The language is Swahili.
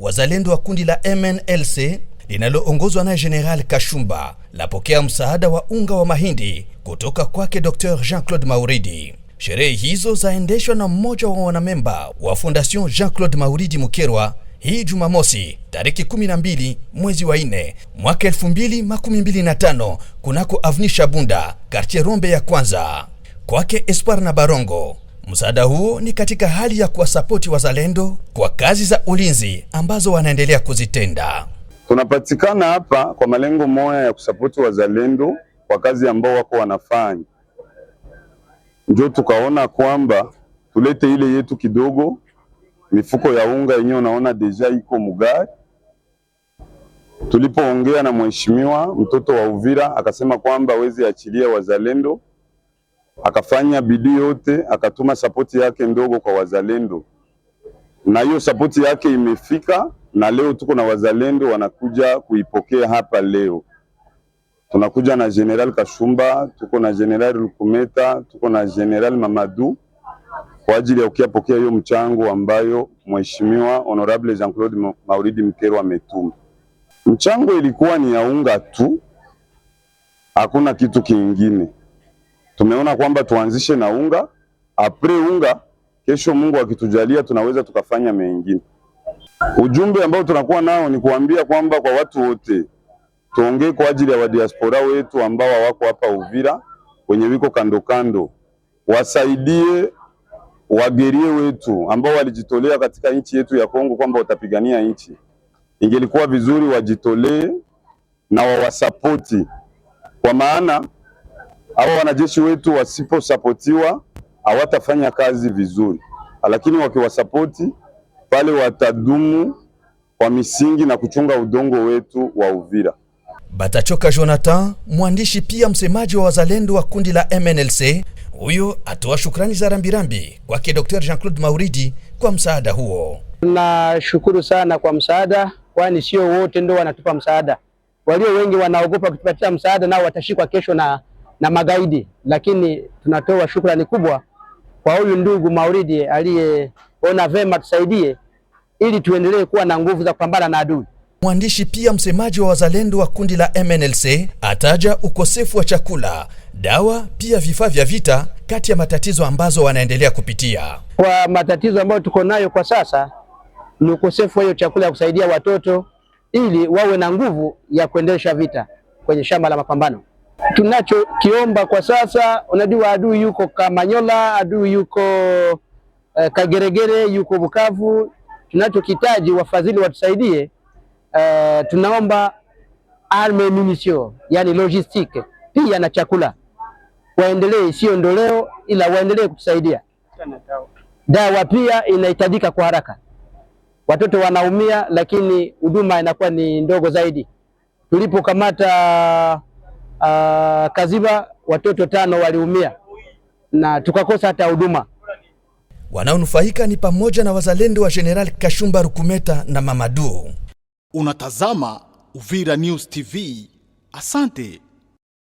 wazalendo wa kundi la MNLC linaloongozwa na General Kashumba lapokea msaada wa unga wa mahindi kutoka kwake Dr. Jean-Claude Mauridi. Sherehe hizo zaendeshwa na mmoja wa wanamemba wa Fondation Jean-Claude Mauridi Mukerwa hii Jumamosi tariki 12 mwezi wa 4 mwaka 2025 kunako Avni Shabunda, quartier Rombe ya kwanza, kwake Espoir na Barongo Msaada huo ni katika hali ya kuwasapoti wazalendo kwa kazi za ulinzi ambazo wanaendelea kuzitenda. Tunapatikana hapa kwa malengo moya ya kusapoti wazalendo kwa kazi ambao wako wanafanya, njo tukaona kwamba tulete ile yetu kidogo, mifuko ya unga yenyewe unaona deja iko mugari. Tulipoongea na mheshimiwa mtoto wa Uvira akasema kwamba wezi achilia wazalendo akafanya bidii yote, akatuma sapoti yake ndogo kwa wazalendo, na hiyo sapoti yake imefika, na leo tuko na wazalendo wanakuja kuipokea hapa leo. Tunakuja na General Kashumba, tuko na General Lukumeta, tuko na General Mamadu kwa ajili ya ukiapokea hiyo mchango ambayo mheshimiwa honorable Jean-Claude Mauridi Mkero ametuma. Mchango ilikuwa ni ya unga tu, hakuna kitu kingine tumeona kwamba tuanzishe na unga apre unga, kesho Mungu akitujalia tunaweza tukafanya mengine. Ujumbe ambao tunakuwa nao ni kuambia kwamba kwa watu wote tuongee kwa ajili ya wadiaspora wetu ambao wako hapa Uvira, wenye wiko kando kando, wasaidie wagerie wetu ambao walijitolea katika nchi yetu ya Kongo kwamba watapigania nchi. Ingelikuwa vizuri wajitolee na wawasapoti kwa maana hawa wanajeshi wetu wasiposapotiwa hawatafanya kazi vizuri, lakini wakiwasapoti pale watadumu kwa misingi na kuchunga udongo wetu wa Uvira. Batachoka Jonathan, mwandishi pia msemaji wa wazalendo wa kundi la MNLC, huyo atoa shukrani za rambirambi kwake Dr. Jean-Claude Mauridi kwa msaada huo. Tunashukuru sana kwa msaada, kwani sio wote ndio wanatupa msaada. Walio wengi wanaogopa kutupatia msaada, nao watashikwa kesho na na magaidi, lakini tunatoa shukrani kubwa kwa huyu ndugu Maulidi aliyeona vema tusaidie ili tuendelee kuwa na nguvu za kupambana na adui. Mwandishi pia msemaji wa wazalendo wa kundi la MNLC ataja ukosefu wa chakula, dawa, pia vifaa vya vita kati ya matatizo ambazo wanaendelea kupitia. Kwa matatizo ambayo tuko nayo kwa sasa ni ukosefu wa hiyo chakula ya kusaidia watoto ili wawe na nguvu ya kuendesha vita kwenye shamba la mapambano tunachokiomba kwa sasa, unajua adui yuko Kamanyola, adui yuko uh, Kageregere, yuko Bukavu. Tunachokitaji wafadhili watusaidie. Uh, tunaomba arme munisio, yani logistique pia na chakula waendelee, sio ndoleo, ila waendelee kutusaidia. Dawa pia inahitajika kwa haraka, watoto wanaumia, lakini huduma inakuwa ni ndogo zaidi. Tulipokamata uh, Kaziba watoto tano waliumia na tukakosa hata huduma. Wanaonufaika ni pamoja na wazalendo wa General Kashumba Rukumeta na Mamadu. Unatazama Uvira News TV. Asante.